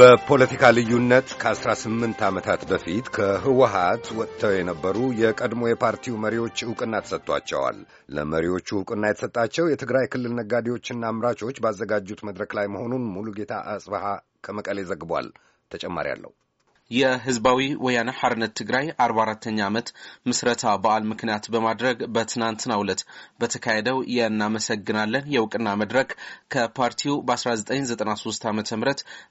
በፖለቲካ ልዩነት ከ18 ዓመታት በፊት ከህወሀት ወጥተው የነበሩ የቀድሞ የፓርቲው መሪዎች ዕውቅና ተሰጥቷቸዋል። ለመሪዎቹ ዕውቅና የተሰጣቸው የትግራይ ክልል ነጋዴዎችና አምራቾች ባዘጋጁት መድረክ ላይ መሆኑን ሙሉጌታ አጽበሃ ከመቀሌ ዘግቧል። ተጨማሪ አለው። የህዝባዊ ወያነ ሐርነት ትግራይ አ44ተኛ ዓመት ምስረታ በዓል ምክንያት በማድረግ በትናንትናው ዕለት በተካሄደው የእናመሰግናለን የእውቅና መድረክ ከፓርቲው በ1993 ዓ ም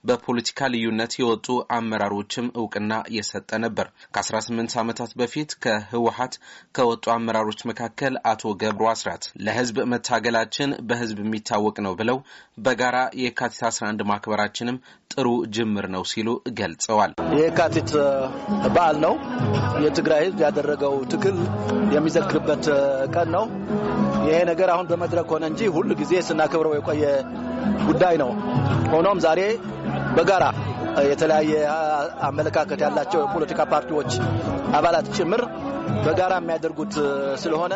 በፖለቲካ ልዩነት የወጡ አመራሮችም እውቅና የሰጠ ነበር። ከ18 ዓመታት በፊት ከህወሀት ከወጡ አመራሮች መካከል አቶ ገብሩ አስራት ለህዝብ መታገላችን በህዝብ የሚታወቅ ነው ብለው በጋራ የካቲት 11 ማክበራችንም ጥሩ ጅምር ነው ሲሉ ገልጸዋል። የካቲት በዓል ነው። የትግራይ ህዝብ ያደረገው ትግል የሚዘክርበት ቀን ነው። ይሄ ነገር አሁን በመድረክ ሆነ እንጂ ሁል ጊዜ ስናከብረው የቆየ ጉዳይ ነው። ሆኖም ዛሬ በጋራ የተለያየ አመለካከት ያላቸው የፖለቲካ ፓርቲዎች አባላት ጭምር በጋራ የሚያደርጉት ስለሆነ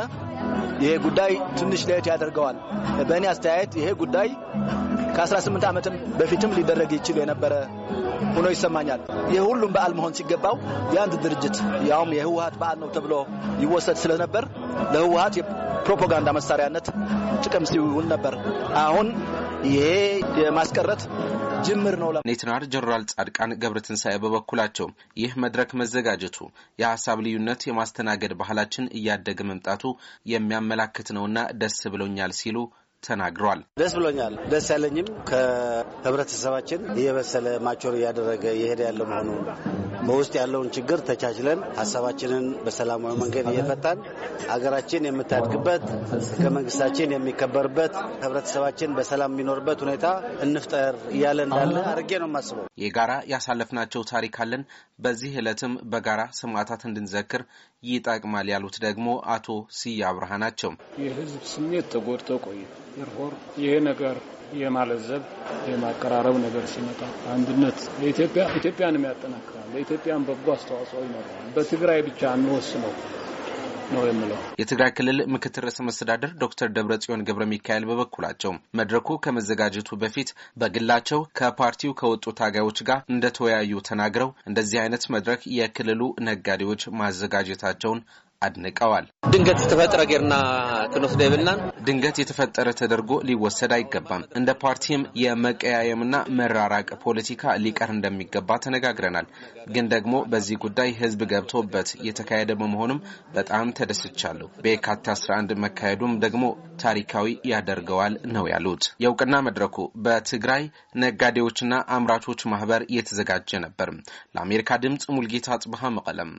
ይሄ ጉዳይ ትንሽ ለየት ያደርገዋል። በእኔ አስተያየት ይሄ ጉዳይ ከ18 ዓመትም በፊትም ሊደረግ ይችል የነበረ ሆኖ ይሰማኛል። ይህ ሁሉም በዓል መሆን ሲገባው የአንድ ድርጅት ያውም የህወሀት በዓል ነው ተብሎ ይወሰድ ስለነበር ለህወሀት የፕሮፓጋንዳ መሳሪያነት ጥቅም ሲውል ነበር። አሁን ይሄ የማስቀረት ጅምር ነው። ኔትናር ጀኔራል ጻድቃን ገብረትንሳኤ በበኩላቸው ይህ መድረክ መዘጋጀቱ የሀሳብ ልዩነት የማስተናገድ ባህላችን እያደገ መምጣቱ የሚያመላክት ነውና ደስ ብሎኛል ሲሉ ተናግሯል። ደስ ብሎኛል። ደስ ያለኝም ከህብረተሰባችን እየበሰለ ማቾር እያደረገ እየሄደ ያለ መሆኑ በውስጥ ያለውን ችግር ተቻችለን ሀሳባችንን በሰላማዊ መንገድ እየፈታን አገራችን የምታድግበት ህገ መንግስታችን የሚከበርበት ህብረተሰባችን በሰላም የሚኖርበት ሁኔታ እንፍጠር እያለ እንዳለ አድርጌ ነው የማስበው። የጋራ ያሳለፍናቸው ታሪክ አለን። በዚህ ዕለትም በጋራ ሰማዕታት እንድንዘክር ይጠቅማል ያሉት ደግሞ አቶ ስዬ አብርሃ ናቸው። የህዝብ ስሜት ተጎድቶ ቆይ ይህ ነገር የማለዘብ የማቀራረብ ነገር ሲመጣ አንድነት ኢትዮጵያንም ያጠናክራል። ለኢትዮጵያን በጎ አስተዋጽኦ ይኖረዋል። በትግራይ ብቻ አንወስነው ነው የምለው። የትግራይ ክልል ምክትል ርዕሰ መስተዳደር ዶክተር ደብረጽዮን ገብረ ሚካኤል በበኩላቸው መድረኩ ከመዘጋጀቱ በፊት በግላቸው ከፓርቲው ከወጡ ታጋዮች ጋር እንደተወያዩ ተናግረው እንደዚህ አይነት መድረክ የክልሉ ነጋዴዎች ማዘጋጀታቸውን አድንቀዋል። ድንገት የተፈጠረ ጌርና ክንወስደ የብልናን ድንገት የተፈጠረ ተደርጎ ሊወሰድ አይገባም። እንደ ፓርቲም የመቀያየምና መራራቅ ፖለቲካ ሊቀር እንደሚገባ ተነጋግረናል። ግን ደግሞ በዚህ ጉዳይ ህዝብ ገብቶበት የተካሄደ በመሆኑም በጣም ተደስቻለሁ። በየካቲት 11 መካሄዱም ደግሞ ታሪካዊ ያደርገዋል ነው ያሉት። የእውቅና መድረኩ በትግራይ ነጋዴዎችና አምራቾች ማህበር የተዘጋጀ ነበር። ለአሜሪካ ድምፅ ሙልጌታ ጽብሃ መቀለም